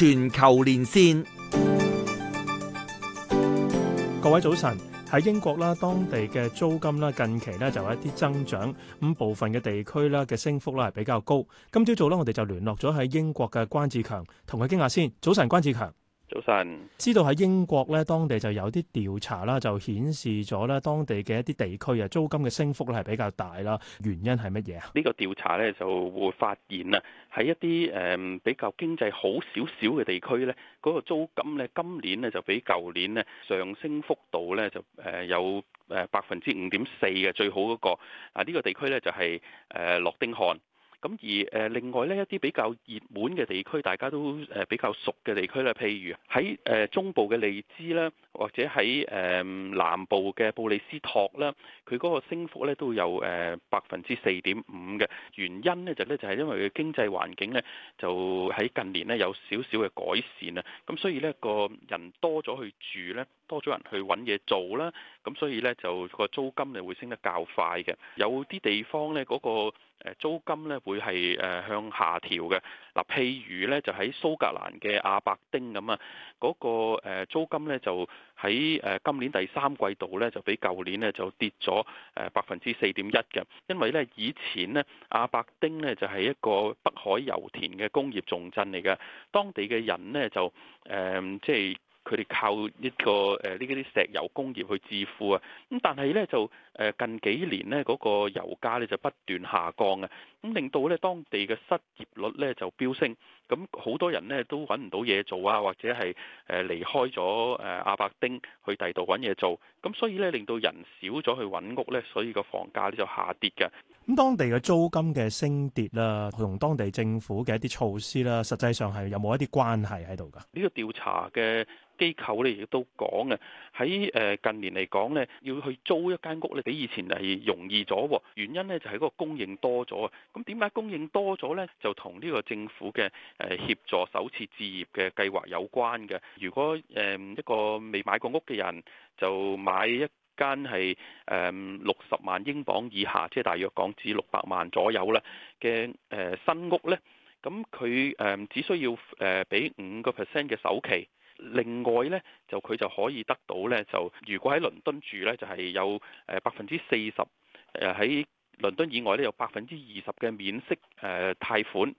全球連線，各位早晨。喺英國啦，當地嘅租金啦，近期咧就有一啲增長，咁部分嘅地區咧嘅升幅咧係比較高。今朝早咧，我哋就聯絡咗喺英國嘅關志強，同佢傾下先。早晨，關志強。早晨，知道喺英國咧，當地就有啲調查啦，就顯示咗咧當地嘅一啲地區啊，租金嘅升幅咧係比較大啦。原因係乜嘢啊？呢個調查咧就會發現啊，喺一啲誒比較經濟好少少嘅地區咧，嗰個租金咧今年咧就比舊年咧上升幅度咧就誒有誒百分之五點四嘅，最好嗰個啊，呢個地區咧就係誒諾丁漢。咁而另外呢，一啲比較熱門嘅地區，大家都比較熟嘅地區咧，譬如喺中部嘅利茲啦，或者喺南部嘅布里斯托啦，佢嗰個升幅咧都有百分之四點五嘅。原因呢就咧就係因為佢經濟環境咧就喺近年咧有少少嘅改善啊，咁所以呢，個人多咗去住咧。多咗人去揾嘢做啦，咁所以呢，就個租金就會升得較快嘅。有啲地方呢嗰個租金呢會係誒向下調嘅。嗱，譬如呢，就喺蘇格蘭嘅阿伯丁咁啊，嗰個租金呢就喺誒今年第三季度呢，就比舊年呢就跌咗誒百分之四點一嘅。因為呢，以前呢，阿伯丁呢就係一個北海油田嘅工業重鎮嚟嘅，當地嘅人呢就誒即係。呃就是佢哋靠呢個誒呢啲石油工業去致富啊，咁但係咧就誒近幾年咧嗰個油價咧就不斷下降啊，咁令到咧當地嘅失業率咧就飆升。咁好多人咧都揾唔到嘢做啊，或者係誒離開咗誒阿伯丁去第二度揾嘢做，咁所以咧令到人少咗去揾屋咧，所以個房價咧就下跌嘅。咁當地嘅租金嘅升跌啦，同當地政府嘅一啲措施啦，實際上係有冇一啲關係喺度噶。這個、呢個調查嘅機構咧亦都講嘅，喺誒近年嚟講咧，要去租一間屋咧比以前係容易咗，原因咧就係嗰個供應多咗啊。咁點解供應多咗咧？就同呢個政府嘅。誒協助首次置業嘅計劃有關嘅，如果誒一個未買過屋嘅人就買一間係誒六十萬英鎊以下，即係大約港紙六百萬左右啦嘅誒新屋呢，咁佢誒只需要誒俾五個 percent 嘅首期，另外呢就佢就可以得到呢就如果喺倫敦住呢就係有誒百分之四十誒，喺倫敦以外呢有百分之二十嘅免息誒貸款。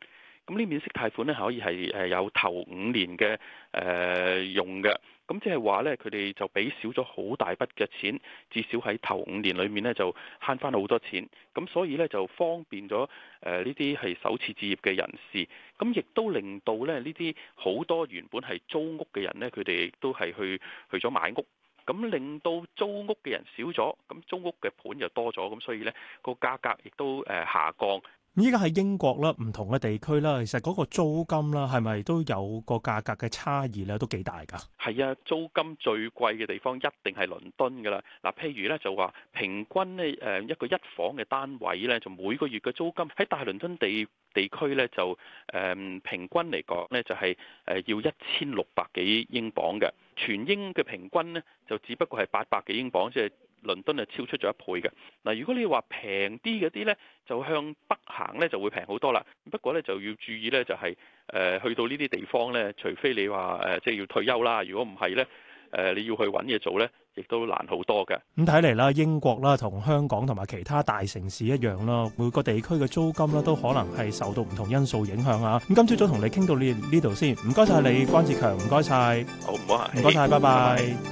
咁呢免息貸款咧，可以係誒有頭五年嘅誒、呃、用嘅。咁即係話咧，佢哋就俾少咗好大筆嘅錢，至少喺頭五年裏面咧就慳翻好多錢。咁所以咧就方便咗誒呢啲係首次置業嘅人士。咁亦都令到咧呢啲好多原本係租屋嘅人咧，佢哋都係去去咗買屋。咁令到租屋嘅人少咗，咁租屋嘅盤又多咗。咁所以咧，個價格亦都誒下降。依家喺英國啦，唔同嘅地區啦，其實嗰個租金啦，係咪都有個價格嘅差異咧？都幾大噶？係啊，租金最貴嘅地方一定係倫敦噶啦。嗱，譬如咧就話平均咧誒一個一房嘅單位咧，就每個月嘅租金喺大倫敦地地區咧就誒平均嚟講咧就係誒要一千六百幾英鎊嘅。全英嘅平均咧就只不過係八百幾英鎊，即係。倫敦啊，超出咗一倍嘅。嗱，如果你話平啲嗰啲呢，就向北行呢就會平好多啦。不過呢，就要注意呢、就係，就係誒去到呢啲地方呢，除非你話誒、呃、即係要退休啦，如果唔係呢，誒、呃、你要去揾嘢做呢，亦都難好多嘅。咁睇嚟啦，英國啦，同香港同埋其他大城市一樣啦，每個地區嘅租金啦，都可能係受到唔同因素影響啊。咁今朝早同你傾到呢呢度先，唔該晒你關志強，唔該晒好唔該晒，拜拜。